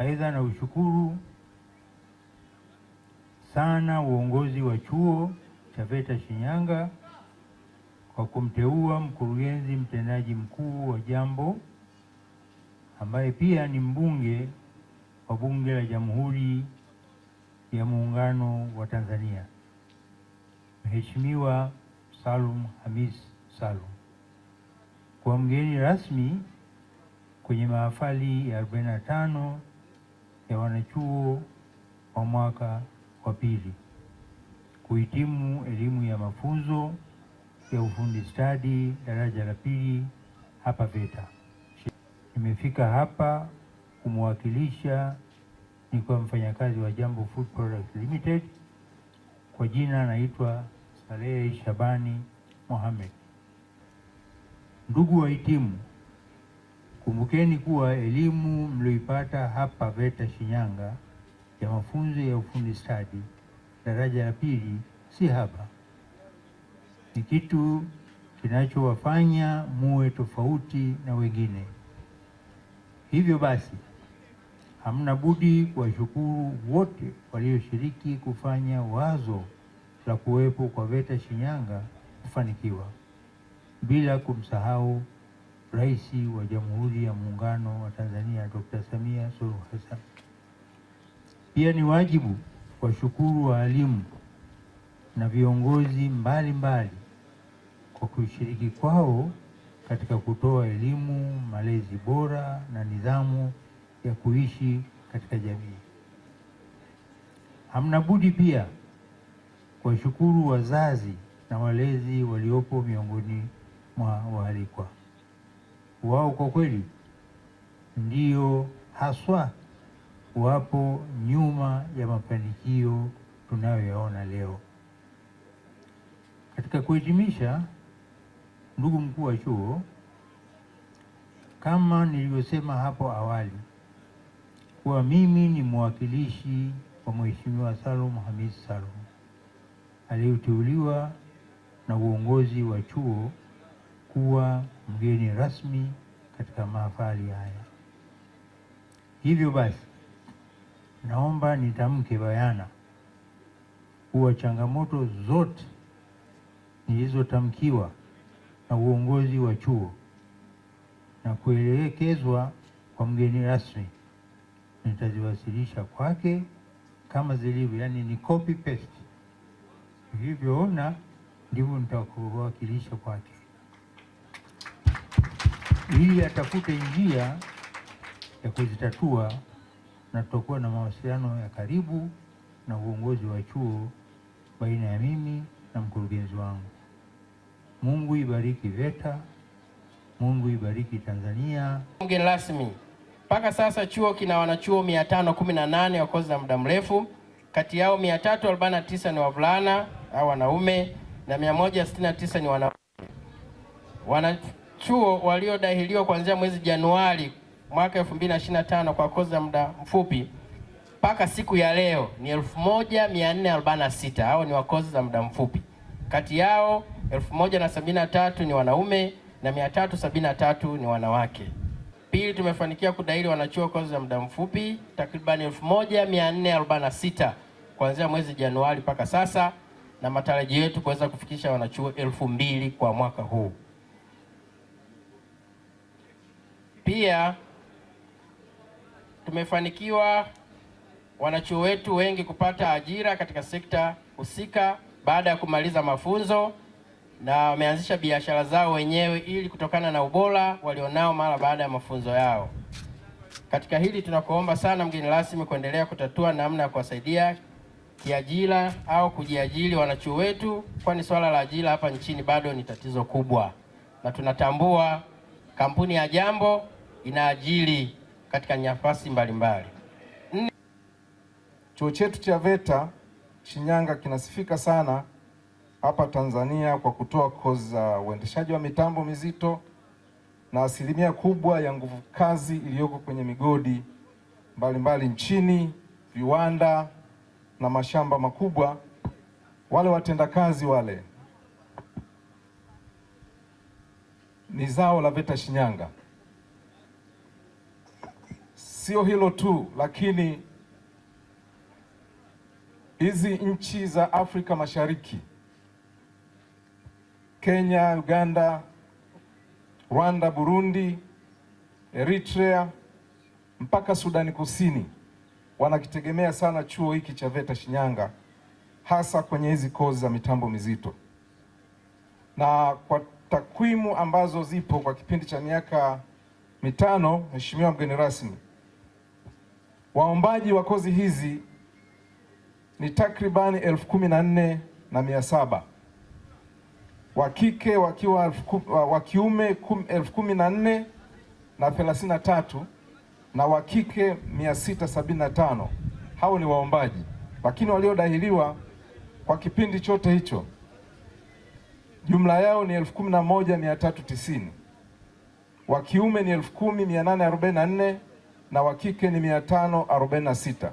Aidha, na ushukuru sana uongozi wa chuo cha VETA Shinyanga kwa kumteua mkurugenzi mtendaji mkuu wa Jambo ambaye pia ni mbunge wa Bunge la Jamhuri ya Muungano wa Tanzania, Mheshimiwa Salum Hamis Salum kwa mgeni rasmi kwenye mahafali ya 45 ya wanachuo wa mwaka wa pili kuhitimu elimu ya mafunzo ya ufundi stadi daraja la pili hapa VETA. Nimefika hapa kumwakilisha nikiwa mfanyakazi wa Jambo Food Products Limited, kwa jina naitwa Salehe Shabani Mohamed. Ndugu wahitimu Kumbukeni kuwa elimu mlioipata hapa VETA Shinyanga ya mafunzo ya ufundi stadi daraja la pili si haba, ni kitu kinachowafanya muwe tofauti na wengine. Hivyo basi, hamna budi kuwashukuru wote walioshiriki kufanya wazo la kuwepo kwa VETA Shinyanga kufanikiwa, bila kumsahau Rais wa Jamhuri ya Muungano wa Tanzania Dr. Samia Suluhu Hassan. Pia ni wajibu kuwashukuru waalimu na viongozi mbalimbali mbali kwa kushiriki kwao katika kutoa elimu, malezi bora na nidhamu ya kuishi katika jamii. Hamna budi pia kuwashukuru wazazi na walezi waliopo miongoni mwa waalikwa wao kwa kweli ndio haswa wapo nyuma ya mafanikio tunayoyaona leo. Katika kuhitimisha, ndugu mkuu wa chuo, kama nilivyosema hapo awali kuwa mimi ni mwakilishi wa Mheshimiwa Salum Hamis Salum aliyeteuliwa na uongozi wa chuo kuwa mgeni rasmi katika mahafali haya. Hivyo basi, naomba nitamke bayana kuwa changamoto zote nilizotamkiwa na uongozi wa chuo na kuelekezwa kwa mgeni rasmi nitaziwasilisha kwake kama zilivyo, yani ni copy paste, ilivyoona ndivyo nitakuwakilisha kwake ili atafute njia ya kuzitatua, na tutakuwa na mawasiliano ya karibu na uongozi wa chuo baina ya mimi na mkurugenzi wangu. Mungu ibariki VETA, Mungu ibariki Tanzania. Mgeni rasmi, mpaka sasa chuo kina wanachuo 518 wa kozi za muda mrefu, kati yao 349 ni wavulana au wanaume na 169 ni wanawake. Wana chuo waliodahiliwa kuanzia mwezi Januari mwaka 2025 kwa kozi za muda mfupi mpaka siku ya leo ni 1446 hao ni wakozi za muda mfupi. Kati yao 1073 ni wanaume na 373 ni wanawake. Pili, tumefanikiwa kudahili wanachuo kozi za muda mfupi takriban 1446 kuanzia mwezi Januari mpaka sasa, na matarajio yetu kuweza kufikisha wanachuo elfu mbili kwa mwaka huu. pia tumefanikiwa wanachuo wetu wengi kupata ajira katika sekta husika baada ya kumaliza mafunzo, na wameanzisha biashara zao wenyewe ili kutokana na ubora walionao mara baada ya mafunzo yao. Katika hili tunakuomba sana mgeni rasmi kuendelea kutatua namna ya kuwasaidia kiajira au kujiajiri wanachuo wetu, kwani swala la ajira hapa nchini bado ni tatizo kubwa, na tunatambua kampuni ya Jambo inaajiri katika nafasi mbalimbali. Chuo chetu cha VETA Shinyanga kinasifika sana hapa Tanzania kwa kutoa kozi za uendeshaji wa mitambo mizito na asilimia kubwa ya nguvu kazi iliyoko kwenye migodi mbalimbali nchini, viwanda na mashamba makubwa. Wale watendakazi wale ni zao la VETA Shinyanga. Sio hilo tu, lakini hizi nchi za Afrika Mashariki, Kenya, Uganda, Rwanda, Burundi, Eritrea mpaka Sudani Kusini wanakitegemea sana chuo hiki cha VETA Shinyanga, hasa kwenye hizi kozi za mitambo mizito. Na kwa takwimu ambazo zipo kwa kipindi cha miaka mitano, Mheshimiwa mgeni rasmi Waombaji wa kozi hizi ni takribani elfu kumi na nne na mia saba wa kike wakiwa wa kiume elfu kumi na nne na thelathini na tatu na wa kike mia sita sabini na tano Hao ni waombaji, lakini waliodahiliwa kwa kipindi chote hicho jumla yao ni elfu kumi na moja mia tatu tisini wa kiume ni elfu kumi mia nane arobaini na nne na wa kike ni 546.